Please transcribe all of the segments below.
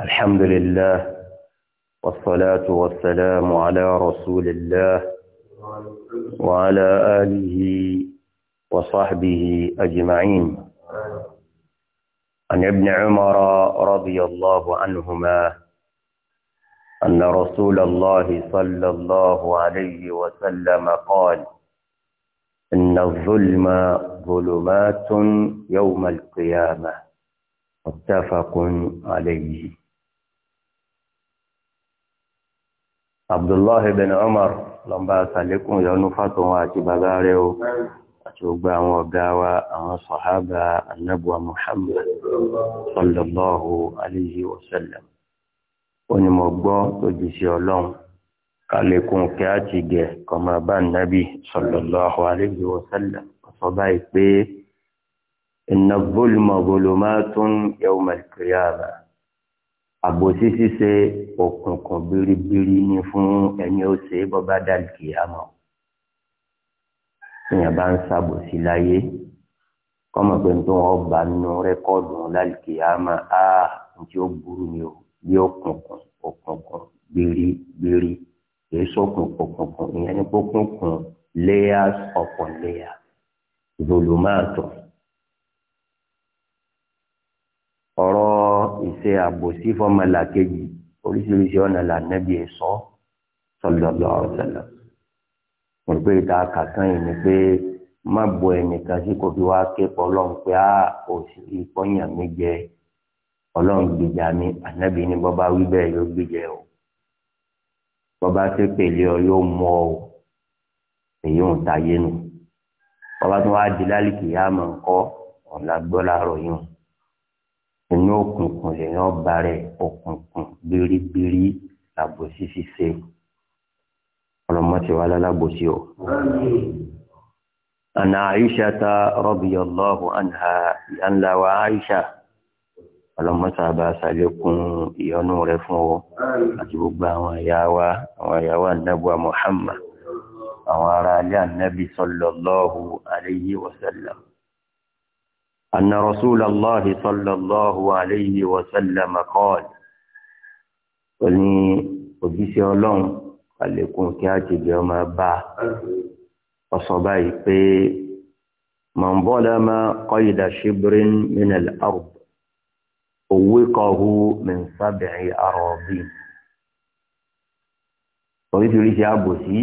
الحمد لله والصلاة والسلام على رسول الله وعلى آله وصحبه أجمعين عن ابن عمر رضي الله عنهما أن رسول الله صلى الله عليه وسلم قال إن الظلم ظلمات يوم القيامة متفق عليه abdullahi bin umar lọ́nba sàlékún yọnu fàtọ̀wọ́n àti bàbá rẹ̀ o àti ogbà àwọn ọ̀gá wa àwọn sọ̀hábà annabuwa muhammad sallallahu alayhi wa sallam ó ní mo gbọ́ tó jù sí ọlọ́run kálẹ̀kùn kí á ti gẹ̀ kọmọ bá àbòsí ṣíṣe òkùnkùn biribiri ni fún ẹni ó ṣe bọ́bá dàlùkì àmọ́ èèyàn bá ń ṣàbòsí láyé kọ́mọ̀ pé ní tí wọ́n bá nu rẹ́kọ́ọ̀dù wọn dàlùkì àmọ́ á tí ó burú ni o bí òkùnkùn òkùnkùn biribiri kì í sọkùn òkùnkùn ìyẹn ní kókùnkùn layers upon layers ìdòlùmáàtọ̀. ṣe àbòsí fọmọlàkejì oríṣiríṣi ọ̀nà lànàbí ẹ̀ sọ sallallahu alaihi wasallam. mo rò pé ìta kàkán yìí ni pé má bọ ẹnìkan sí kò fi wá ké pọ ọlọ́run pé á ò sí ìpọ́nyàn mi jẹ ọlọ́run gbèjà mi ànábì ni bọ́ bá wí bẹ́ẹ̀ yóò gbèjà o bọ́ bá ṣe pèlè ọ yóò mọ ọ èyí ò ta yé nu bọ́ bá tún wá di lálìkì yá máa ń kọ́ ọ̀la gbọ́ láàárọ̀ yìí inú òkùnkùn lèèyàn bá rẹ̀ òkùnkùn biribiri làbòsí ṣiṣẹ́ ọlọmọtí wa lálábòsí o. ana aisha ta radiyallahu anha ìyànlá wa aisha ọlọmọtí wa bá ṣàlékún ìyọnu rẹ̀ fún ọ àti gbogbo àwọn ẹ̀yà wa àwọn ẹ̀yà wa nàbọ muhammad àwọn ará alẹ́ ànábì sallallahu alayhi wa sallam. أن رسول الله صلى الله عليه وسلم قال ولي òjíṣẹ́ ọlọ́run àlékún kí á ti jẹ́ ọmọ bá a ọ̀sọ̀ báyìí pé man zalama qayda shibrin min al-ard uwqiqahu min sab'i aradin oríṣiríṣi àbòsí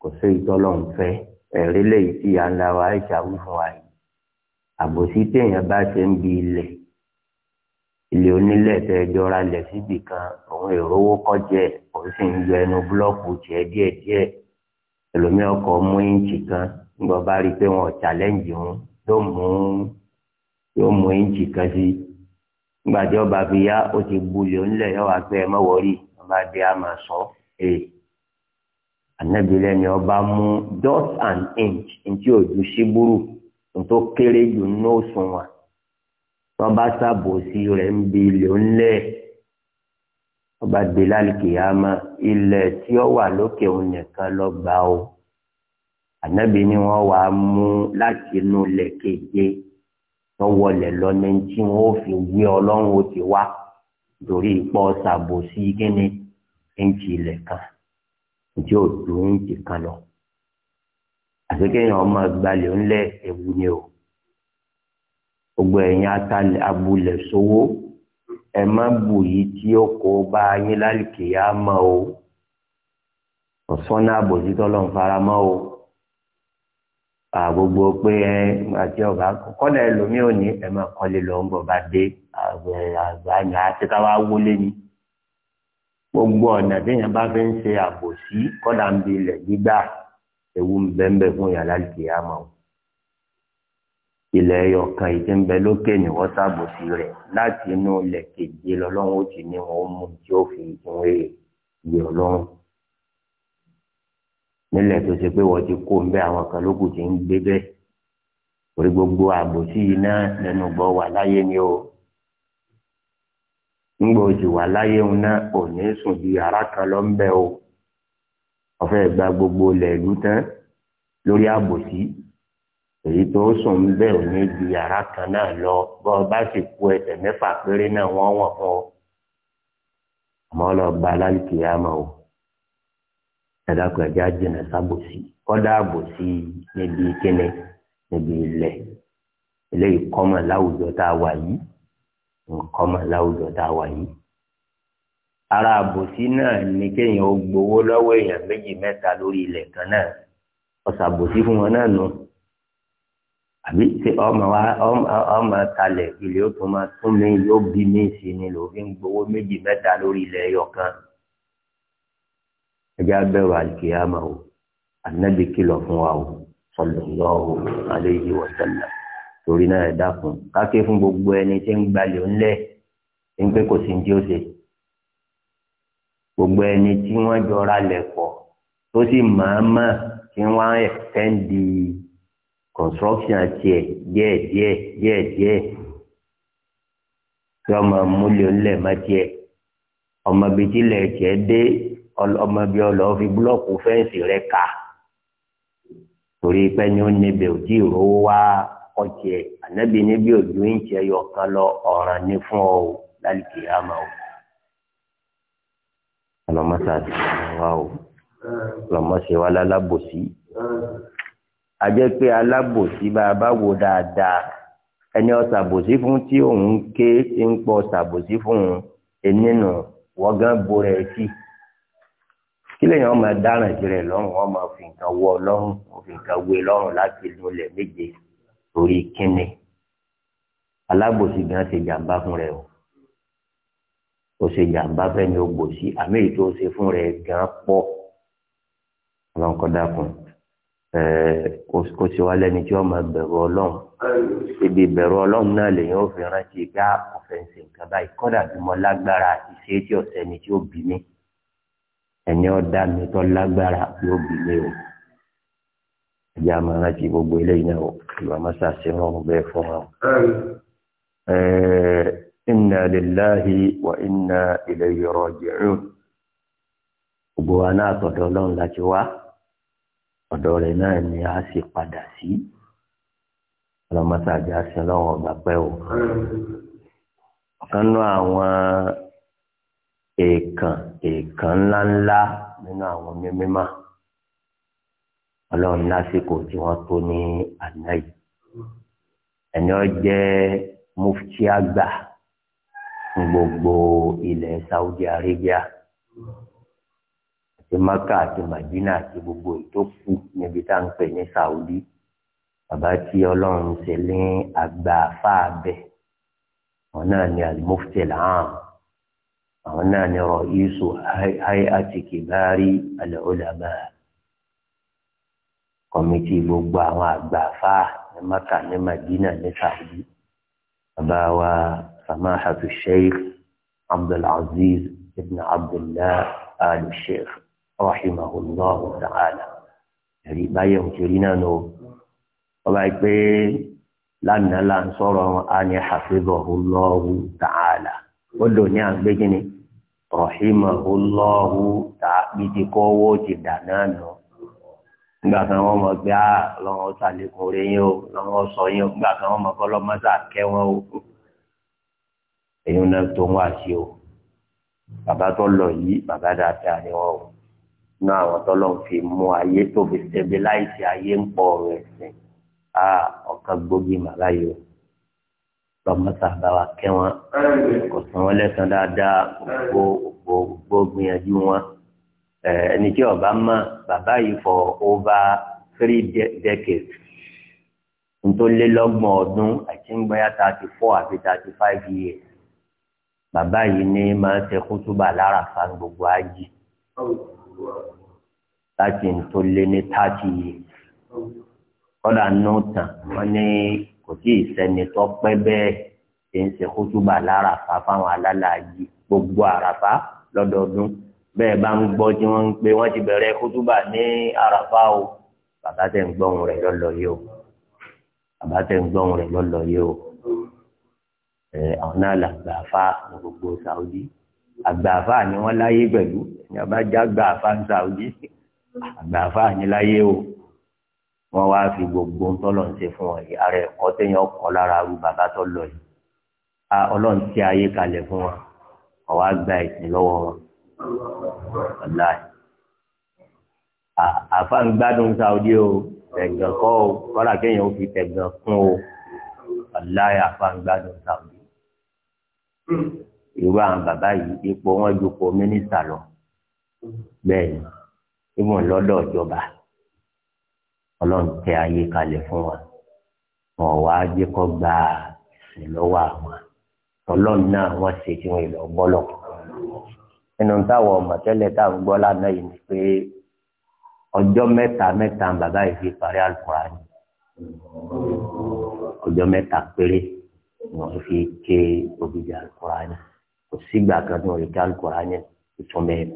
kò sí ìtọ́lọ́run fẹ́ ẹ̀rí lẹ́yìn tí à ń la wa ẹ̀ṣà wí fún wa yìí àbòsí téèyàn bá ṣe ń bi ilẹ̀ ilé onílẹ̀ tẹ́jọ́ ra lẹ̀ síbì kan òun ìrówó kọ́jẹ́ òun sì ń yọ ẹnu búlọ́ọ̀kù tiẹ̀ díẹ̀díẹ̀ ẹlòmíràn ọkọ̀ mú íǹtì kan nígbà bá rí i pé wọn ò challenge wọn yóò mú yóò mú íǹtì kan sí nígbà tí ọba fi yá ó ti bu ilé onílẹ̀ yóò wá pé ẹ mọ̀ wọ́rí ọba dé a máa sọ ẹ ànábìlẹ̀ ni ọba mú just an inch ntí òjú síbúrú. Si tó kéré jù ní òsùn wa wọn bá ṣàbòsí rẹ̀ ń bi ilé ńlẹ wọn bá gbé lálùkìyàmá ilẹ̀ tí ó wà lókè òun nìkan lọ gbà ó ànábì ni wọn wà á mú láti inú ilẹ̀ keje wọn wọlé lọnà tí wọn ò fi wí Ọlọ́run ó ti wá torí ipò ṣàbòsí kíni ẹnjì ilẹ̀ kan tí ò dùn ẹnjì kan lọ àti ọmọ gbalẹ̀ ńlẹ̀ ewu ni o gbogbo ẹ̀yin atalẹ̀ abulẹ̀ sówó ẹ má bù yìí tí ó kó bá yín lálùkì yá mọ́ o ọ̀sán àbòsí tọ́lọ́run fara mọ́ o àgbogbo pé ẹ àti ọba kọ́lẹ̀ ẹlòmíì ò ní ẹ máa kọ́lé lọ ń bọ̀ bá dé àgbàyàn àti káwá wọlé ni gbogbo ọ̀nà téèyàn bá fi ń ṣe àbòsí kọ́dà ń bi ilẹ̀ gbígbà ewu bẹ́ẹ̀nbẹ́ẹ́ fún yàrá kìyàmà o ilẹ̀ ọ̀kan ìdí ń bẹ lókè ní wọ́sàbù sí rẹ̀ láti inú ilẹ̀ keje lọ́lọ́run ó ti ní wọn ó mú tí ó fi ìwé ìyè ọlọ́run nílẹ̀ tó ṣe pé wọ́n ti kó ń bẹ́ àwọn kan lókù tí ń gbé bẹ́ẹ̀ orí gbogbo àbòsí yìí náà lẹ́nu gbọ́ wà láyé ni o ńgbọ́ ojú wà láyé òun náà ò ní sùn di yàrá kan lọ ń bẹ o ọ̀fẹ́ gba gbogbo ilẹ̀ ìlú tán lórí àbòsí èyí tó sùn bẹ́ẹ̀ ò ní ju yàrá kan náà lọ bọ́ ọ bá sì kú ẹsẹ̀ mẹ́fà péré náà wọ́n wọ̀n fún ọ àmọ́ lọ gba aláìkè àmọ́ o ẹ̀dàkùn ẹ̀jẹ̀ àjẹnà sábòsí kọ́dà àbòsí níbi kíni níbi ilẹ̀ eléyìí kọ́mọ̀ láwùjọ tá a wà yìí kọ́mọ̀ láwùjọ tá a wà yìí ara àbòsí náà ni kéèyàn ó gbowó lọ́wọ́ èèyàn méjì mẹ́ta lórí ilẹ̀ kan náà ọ̀sàbòsí fún wọn náà nù àbí ṣe ọmọ wa ọmọ talẹ̀ ilé ó tún máa tún mi yóò bí mi sí ni ló fi ń gbowó méjì mẹ́ta lórí ilẹ̀ ẹyọkan ẹjá bẹ̀rù àlìkìyàmà o ànábì kìlọ̀ fún wa o sallallahu alayhi wa sallam torí náà ẹ dákun káké fún gbogbo ẹni tí ń gbalẹ̀ ńlẹ̀ ń pé kò sí ní tí ó ṣe. gbogbo ẹni tí wọ́n jọra lẹ̀ tó sì màámà tí wọ́n ẹ̀fẹ́ǹdì construction tiẹ̀ díẹ̀díẹ̀ díẹ̀díẹ̀ tí ọmọ múlẹ̀ ńlẹ̀ má tiẹ̀ ọmọ bíi tilẹ̀ tiẹ̀ dé ọmọ bíi ọlọ́ọ̀ fi búlọ́ọ̀kù fẹ́ǹsì rẹ̀ kà torí pé ó níbẹ̀ ò tí ì rówó ọ o. ọlọmọta ti wá o ọlọmọṣẹ wa lálábòsí a jẹ́ pé alábòsí bá a bá wo dáadáa ẹni ọ̀sàbòsí fún tí òun ké ti ń pọ̀ ọ̀sàbòsí fún ẹnìnú wọ́gán borẹ̀ ẹtì kí lèyàn máa dáràn tirẹ̀ lọ́rùn wọ́n máa fi nǹkan wọ lọ́rùn wọ́n fi nǹkan wé lọ́rùn láti lulẹ̀ méje torí kínni alábòsí gan ṣe jàǹbá fún rẹ̀ o ó ṣe jàǹbá fẹ́ni ó gbòòsí àmì èyí tó ṣe fún rẹ̀ gan pọ̀ ọlọ́run kọ́ dákun kó ṣe wá lẹ́ni tí wọ́n máa bẹ̀rù ọlọ́run ibi ìbẹ̀rù ọlọ́run náà lèyìn ó fi rántí gá ọ̀fẹ́ǹsì ah, nǹkan báyìí kọ́dà bí mo lágbára ìṣe tí ọ̀sẹ̀ ni tí ó bí mi ẹni ọ̀dá mi tó lágbára yóò bí mi o ẹjẹ́ a máa rántí gbogbo eléyìí náà o ìwà máa ṣàṣeyọrùn bẹ́ẹ̀ fún inna lillahi wa inna ilayhi raji'un gbogbo wa náà tọ̀dọ̀ ọlọ́run láti wá ọ̀dọ̀ rẹ̀ náà ni a sì padà sí ọlọ́mọsáàjì àṣẹ ọlọ́run ọ̀gbà pẹ́ o ọ̀kan nú àwọn èèkàn èèkàn ńláńlá nínú àwọn mímímọ́ ọlọ́run lásìkò tí wọ́n tó ní àná yìí ẹni ọ jẹ́ mufti àgbà ní gbogbo ilẹ̀ Saudi Arabia àti Maka àti Madina àti gbogbo ètò kù níbi tá à ń pè ní Saudi bàbá tí ọlọ́run ṣe ní àgbà fáàbẹ̀ àwọn náà ni alimufti laam àwọn náà ni ra'isu hay'ati kibari al-ulama kọ́mítì gbogbo àwọn àgbà fáà ní Maka ní Madina ní Saudi bàbá wa. سماحة الشيخ عبد العزيز ابن عبد الله آل الشيخ رحمه الله تعالى ẹ̀rí báyẹ̀ òṣèré náà nù ọba ìpè lánàá là ń sọ̀rọ̀ a ní hafizahu Allahu ta'ala ó lò ní àgbéjìnì rahimahu Allahu ta'ala bíi kọ́wọ́ ti dáná nù nígbà kan wọ́n mọ̀ pé a ah, lọ́wọ́ sàlékún rẹ̀ yín o lọ́wọ́ sọ yín o nígbà kan wọ́n mọ̀ kọ́ lọ́mọ́sà kẹ́wọ́n o èyí náà tó ń wá sí o bàbá tó lọ yìí bàbá dáadáa ni wọn o inú àwọn tó lọ fi mú ayé tóbi tẹbi láìsí ayé ń pọ ọ̀rọ̀ ẹ̀sìn a ọkàn gbógi màlá yìí o lọmọta bàbá kẹ wọn kò sàn wọn lẹsàn dáadáa gbogbo gbogbo gbìyànjú wọn ẹni tí ọba mọ bàbá yìí for over three decades ntòlélọ́gbọ̀n ọdún àti ń gbẹ́yà thirty four àti thirty five years bàbá yìí ní máa ṣe kútúbà lára fan gbogbo ayé láti ń tó lé ní táàtì yìí kọ́dà náà tàn wọ́n ní kò tí ì sẹ́ni tó pẹ́ bẹ́ẹ̀ ṣe ń ṣe kútúbà lára fa fáwọn alálàájì gbogbo àràfá lọ́dọọdún bẹ́ẹ̀ bá ń gbọ́ tí wọ́n ń pe wọ́n ti bẹ̀rẹ̀ kútúbà ní àràfá o bàbá tẹ̀ ń gbọ́hùn rẹ̀ lọ́lọ́ yìí o bàbá tẹ̀ ń gbọ́hùn rẹ̀ lọ́lọ́ yìí o àwọn náà làgbàfà ní gbogbo Saudi àgbàfà ni wọ́n láyé pẹ̀lú ní abájá àgbàfà ní Saudi àgbàfà ni láyé o wọ́n wá fi gbogbo tọ́lọ̀ ń ṣe fún ọ yìí ara ẹ̀kọ́ téèyàn kọ́ lára arú bàbá tó lọ yìí a ọlọ́run tí ayé kalẹ̀ fún wọn ọwọ́ àgbà ìsìn lọ́wọ́ wọn ọ̀láì àfa ń gbádùn Saudi o tẹ̀gàn kọ́ o kọ́ra kéèyàn ó fi tẹ̀gàn kún o ọ̀láì àfa ń gbádùn Saudi irú àwọn bàbá yìí ipò wọn ju po mínísítà lọ bẹ́ẹ̀ ni ìwọn lọ́dọ̀ ìjọba Ọlọ́run tẹ ayé kalẹ̀ fún wa wọn wá jẹ kọ gba ìsìn lọ́wọ́ àwọn Ọlọ́run náà wọn ṣe tí wọn lọ gbọlọ nínú táwọn ọmọ tẹ́lẹ̀ táwọn gbọ́ lánàá yìí ni pé ọjọ́ mẹ́ta mẹ́ta bàbá yìí fi parí àlùkò àná ọjọ́ mẹ́ta péré ni wọ́n fi ké òbíjà alukurani kò sígbà kan tí wọ́n lè ké alukurani tuntun bẹ́ẹ̀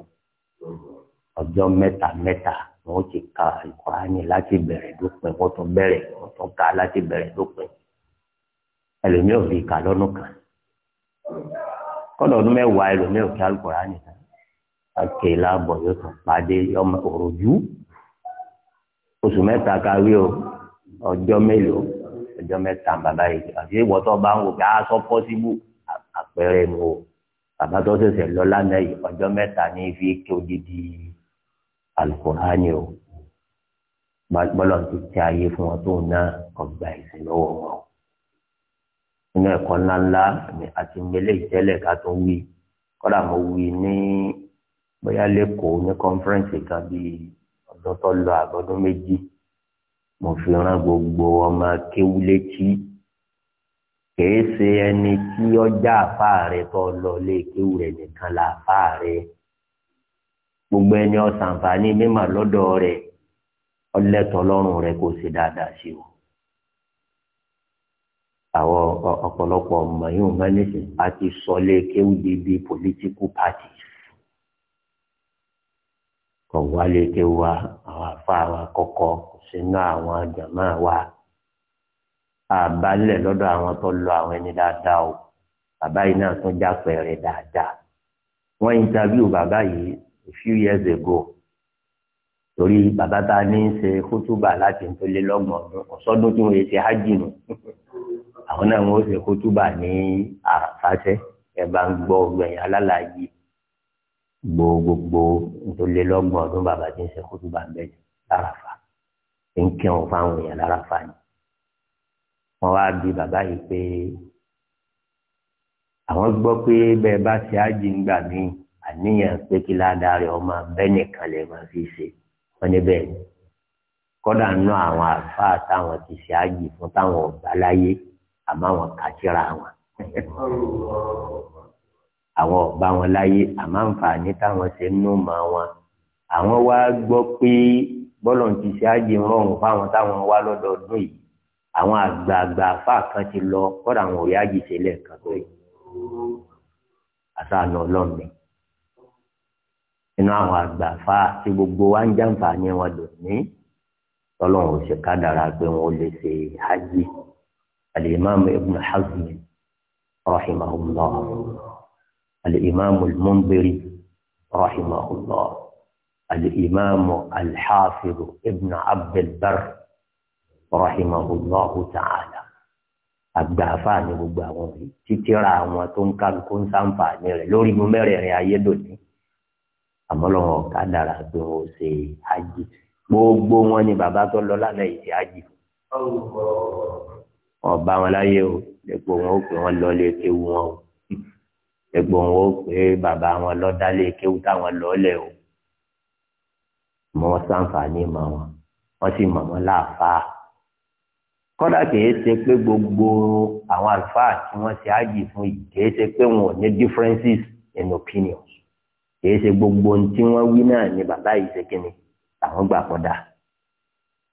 ọjọ́ mẹ́ta mẹ́ta ni wọ́n ti ka alukurani láti bẹ̀rẹ̀ dópin wọ́n tún bẹ̀rẹ̀ wọ́n tún ka láti bẹ̀rẹ̀ dópin ẹlòmíì ò fi kà lọ́nù kan kọ́dọ̀ ọdún mẹ́wàá ẹlòmíì ò ké alukurani kan ake labọ yóò tún pàdé ọmọ òròjú oṣù mẹ́ta kárí o ọjọ́ mélòó ọjọ́ mẹ́ta bàbá yìí àti ìwọ́tọ́ bá ń wò pé aṣọ ah, pọ́síbù àpẹẹrẹ mu o bàbá tó ṣẹ̀ṣẹ̀ lọ lánàá yìí ọjọ́ mẹ́ta ní fi kí odidi alukurani o bọ́lá ti tẹ ayé fún wọn tóun náà ọgbà ìsìn lọ́wọ́ wọn o nínú ẹ̀kọ́ ńláńlá àti mẹ́lẹ̀ ìtẹ́lẹ̀ ká tó wí kọ́dà mo wí ní bóyá lẹ́kọ̀ọ́ ní kọ́nfẹ́rẹ́ǹsì kan bíi ọdún tó lọ àbọ̀dún méjì mo fi ran gbogbo ọmọ kéwú létí kìí ṣe ẹni tí ọjà àfáàrẹ tó lọ lé kéwú rẹ nìkan là àfáàrẹ gbogbo ẹni ọ̀sánfààní mímà lọ́dọ̀ rẹ ọlẹ́tọ̀ lọ́rùn rẹ kò ṣe dáadáa sí o àwọn ọ̀pọ̀lọpọ̀ ọmọ yìí wọn ní sè àti sọlé kéwú di bíi political parties kò wálé ké wa àwọn afá wa kọ́kọ́ kò sínú àwọn jàmá wa àbálẹ̀ lọ́dọ̀ àwọn tó lọ àwọn ẹni dáadáa o bàbá yìí náà tún jápẹ̀rẹ̀ dáadáa wọ́n interview bàbá yìí a few years ago torí bàbá ta ní í ṣe kútúbà láti tó lé lọ́gbọ̀n ọdún ọ̀sọ́dún tí wọ́n yẹ ṣe hajj nù àwọn náà wọ́n ṣe kútúbà ní àfàṣẹ ẹ̀ bá ń gbọ́ ọgbẹ̀yìn alálàyé gbogbogbò nítorí lọ́gbọ̀n ọdún bàbá tí ń ṣe kó tó bá ń bẹ̀ lárafa ń kírun fáwọn èèyàn lárafa ni wọ́n wá bí bàbá yìí pé àwọn gbọ́ pé bẹ́ẹ̀ bá ṣe ájì ń gbà mí àníyàn pé kí ládàá rẹ̀ ọmọ abẹ́nìkan lè máa fi ṣe wọ́n ní bẹ́ẹ̀ ni kọ́dà ná àwọn àfáà táwọn ti ṣe ájì fún táwọn ọ̀gbá láyé àmọ́ àwọn kàṣíra wọn. àwọn ọba wọn láyé àmọ́ àǹfààní táwọn ṣe ń nù mọ́ wọn àwọn wá gbọ́ pé bọ́lọ̀ ti ṣe ájì rọrùn fáwọn táwọn wá lọ́dọọdún yìí àwọn àgbààgbà afá kan ti lọ kọ́dà àwọn òye ájì ṣe lẹ́ẹ̀kan tó yìí àtàánú ọlọ́mìn nínú àwọn àgbà afá tí gbogbo wa ń jàǹfààní wọn lónìí tọ́lọ́run ò ṣe kádàrá pé wọn ò lè ṣe ájì Al-Imam Ibn Hazm rahimahullah. الإمام المنذري رحمه الله الإمام الحافظ ابن عبد البر رحمه الله تعالى agbàfààní gbogbo àwọn yìí títíra àwọn tó ń kálukú ń sàǹfààní rẹ lórí mu mẹ́rẹ̀ẹ̀rin ayé dòní àmọ́ lọ́wọ́ kádàrà pé wọn ò ṣe ájì gbogbo wọn ni bàbá tó lọ lálẹ́ yìí ṣe ájì wọn bá wọn láyé o lẹpọ wọn ó pè wọn lọ lé ewu wọn o ẹ̀gbọ́n wo pé bàbá wọn lọ dálé kéwú táwọn lọlẹ o mọ ṣàǹfààní mọ wọn wọn sì mọ wọn láàfáà kódà kìí ṣe pé gbogbo àwọn àlùfáà tí wọn ti ájì fún yìí kìí ṣe pé wọn ò ní differences in opinions kìí ṣe gbogbo ohun tí wọn wí náà ni bàbá yìí ṣe kíni àwọn gbà kódà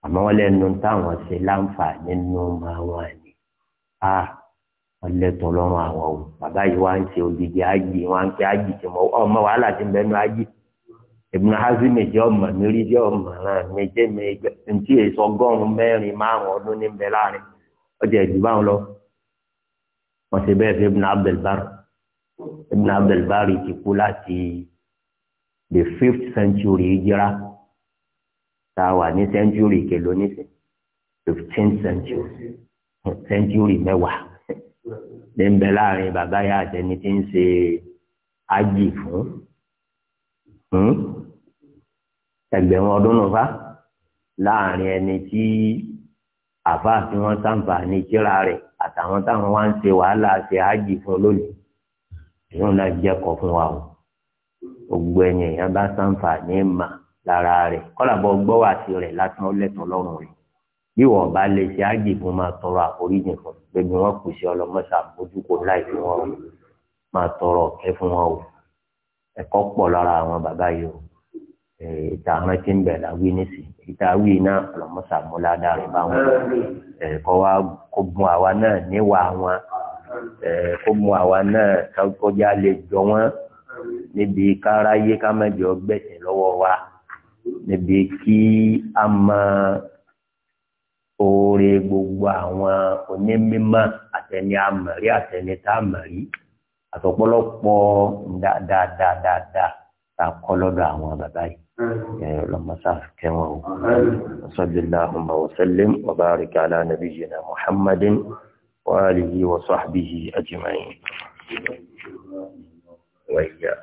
àmọ́ wọn lẹ́nu táwọn ṣe láǹfààní nínú máa wọn ni Ah ọlẹ́tọ̀ lọ́rùn àwọn o bàbá yìí wá ń ṣe odidi ájì wá ń pẹ́ ájì tí mo ọmọ wàhálà ti ń bẹ́ẹ̀ nu ájì ìbùnà hásí méjì ọmọ mérí jẹ́ ọmọ náà méjì méjì ntí èso ọgọ́rùn-ún mẹ́rin márùn-ún ọdún ní bẹ́ẹ̀ láàrin ọjà ìdí báwọn lọ wọ́n ṣe bẹ́ẹ̀ fi ìbùnà abdelbar ìbùnà abdelbar ti kú láti the fifth century jira tá a wà ní century kèlónísì fifteenth century century mẹ́wàá ní ń bẹ láàrin bàbá yà àtẹni tí ń ṣe ájì fún hmm? ẹgbẹ̀rún ọdún náà fa láàrin ẹni tí àfáà tí wọ́n ṣàǹfààní kíra rẹ̀ àtàwọn táwọn wá ń ṣe wàhálà ṣe ájì fún lónìí ìyóò náà jẹ́kọ̀ọ́ fún wa o gbogbo ẹ̀yìn èèyàn bá ṣàǹfààní mà lára rẹ̀ kọ́làbọ̀ gbọ́ wà sí rẹ̀ lásán lẹ́tọ̀ọ́ lọ́rùn rẹ̀ bí wọn bá lè ṣe ájì fún máa tọrọ àforíjì fún gbẹgbẹ wọn kù sí ọlọmọṣà bójúkó láì fún wọn máa tọrọ ọkẹ fún wọn o ẹ̀kọ́ pọ̀ lára àwọn bàbá yìí o ìta àwọn tí ń bẹ̀rẹ̀ láwí nísìnyí ìta wí náà ọlọmọṣà múládá rẹ bá wọn wa kó gun àwa náà níwà wọn kó gun àwa náà kọjá lè jọ wọn níbi káráyé ká má jọ gbẹ̀sẹ̀ lọ́wọ́ wa níbi kí a máa oore gbogbo àwọn onímọ̀ àtẹni àmọ̀rí àtẹni tá a mọ̀ rí àtọ̀pọ̀lọpọ̀ dáadáa tá a kọ́ lọ́dọ̀ àwọn bàbá yìí. لما صار كما صلى اللهم وسلم وبارك على نبينا محمد وآله وصحبه أجمعين وإياه